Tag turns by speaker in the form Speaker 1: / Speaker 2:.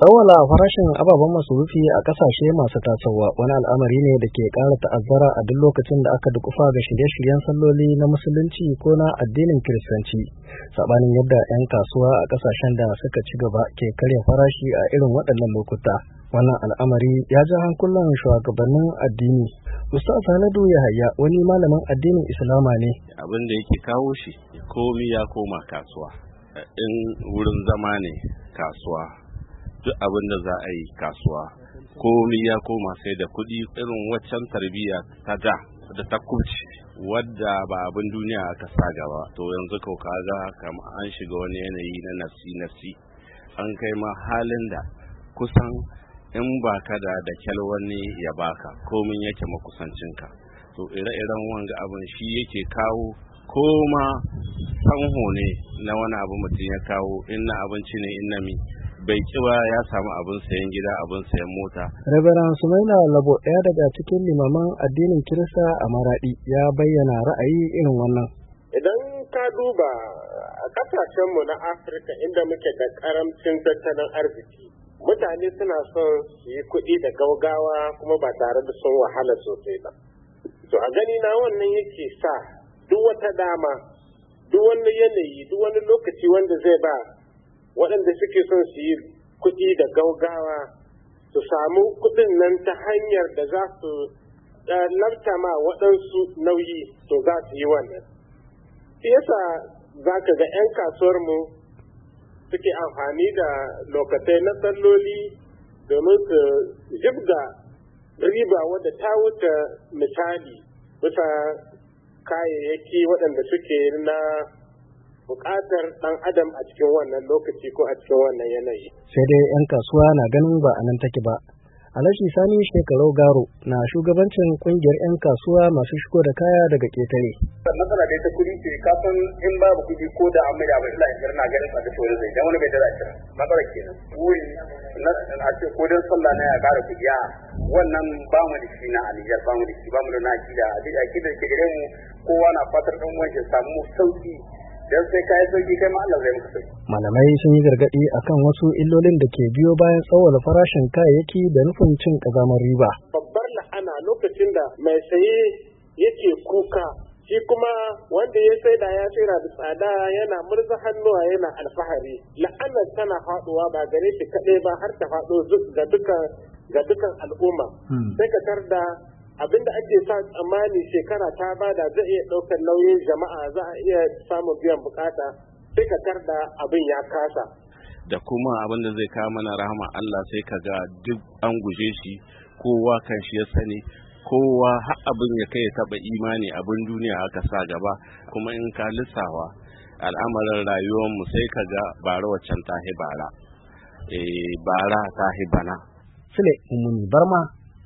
Speaker 1: tsawala farashin ababen masurufi a kasashe masu tasowa wani al'amari ne da ke kara ta'azzara a duk lokacin da aka dukufa ga shirye-shiryen salloli na musulunci ko na addinin kiristanci sabanin yadda 'yan kasuwa a kasashen da suka ci gaba ke karya farashi a irin waɗannan lokuta wannan al'amari ya ja hankulan shugabannin addini Ustaz Sanadu ya haya wani malamin addinin Islama ne
Speaker 2: abin da yake kawo shi komi ya koma kasuwa in wurin zama ne kasuwa duk abin da za a yi kasuwa komi ya koma sai da kuɗi irin waccan tarbiyya ta da da ta kuci wadda ba abin duniya aka sa gaba to yanzu kau kaga kama an shiga wani yanayi na nafsi nafsi an kai ma halin da kusan in ba ka da da kyal wani ya baka komin yake makusancinka to ire-iren wanga abin shi yake kawo ko ma sanho ne na wani abu mutum ya kawo in na abinci ne in na mi bai ci ba ya samu abin sayan gida abin sayan mota.
Speaker 1: Reverend Sumaila Labo ɗaya daga cikin limaman addinin Kirista a Maraɗi ya bayyana ra'ayi irin wannan.
Speaker 3: Idan ka duba a ƙasashenmu na Afirka inda muke da ƙaramcin tattalin arziki mutane suna son su yi kuɗi da gaugawa kuma ba tare da sun wahala sosai ba. To a gani na wannan yake sa duk wata dama duk wani yanayi duk wani lokaci wanda zai ba waɗanda suke son su yi kuɗi da gaugawa su samu kuɗin nan ta hanyar da za su eh, ma waɗansu nauyi to za su yi wannan. yasa za ka ga 'yan kasuwar mu suke amfani da lokacin na salloli domin su jibga riba wadda ta wuce misali bisa kayayyaki waɗanda suke na buƙatar ɗan adam a cikin wannan lokaci ko a cikin wannan yanayi.
Speaker 1: Sai dai 'yan kasuwa na ganin ba a nan take ba. Alhaji Sani shekaru Garo na shugabancin kungiyar 'yan kasuwa masu shigo da kaya daga ƙetare.
Speaker 2: Matsala da ta kuɗi ce kafin in babu kuɗi ko da an maida ila lahiyar na ganin tsaka to zai dan wani bai dara kira. Matsala nan. Wuri na a ce ko dan sallah na ya ƙara kuɗi a wannan ba mu da shi na Alijar ba mu da shi ba mu da na akida. Akida ke gare mu kowa na fatar ɗan wani samu sauƙi dan sai kai sauki kai ma zai mutu.
Speaker 1: malamai sun yi gargadi kan wasu illolin da ke biyo bayan tsawon farashin kayayyaki da nufin cin kazamar riba
Speaker 3: babbar la'ana lokacin da mai saye yake kuka shi kuma wanda ya saida ya saida da tsada yana murza hannuwa yana alfahari la'anar tana faɗuwa ba gare shi kaɗai ba har ta faɗo ga dukan ga dukan al'umma hmm. sai ka tarda abinda ake sa tsammani shekara ta bada zai iya ɗaukar nauyin jama'a za a iya samun biyan bukata sai ka tarda abin ya kasa
Speaker 2: da kuma abin da zai kawo mana rahama Allah sai ka ga duk an guje shi kowa kan shi ya sani kowa har abin ya kai taba imani abin duniya aka sa gaba kuma in ka lissawa al'amarin rayuwar mu, sai ka ga bara waccan bara eh bara ta bana
Speaker 1: sule umuni barma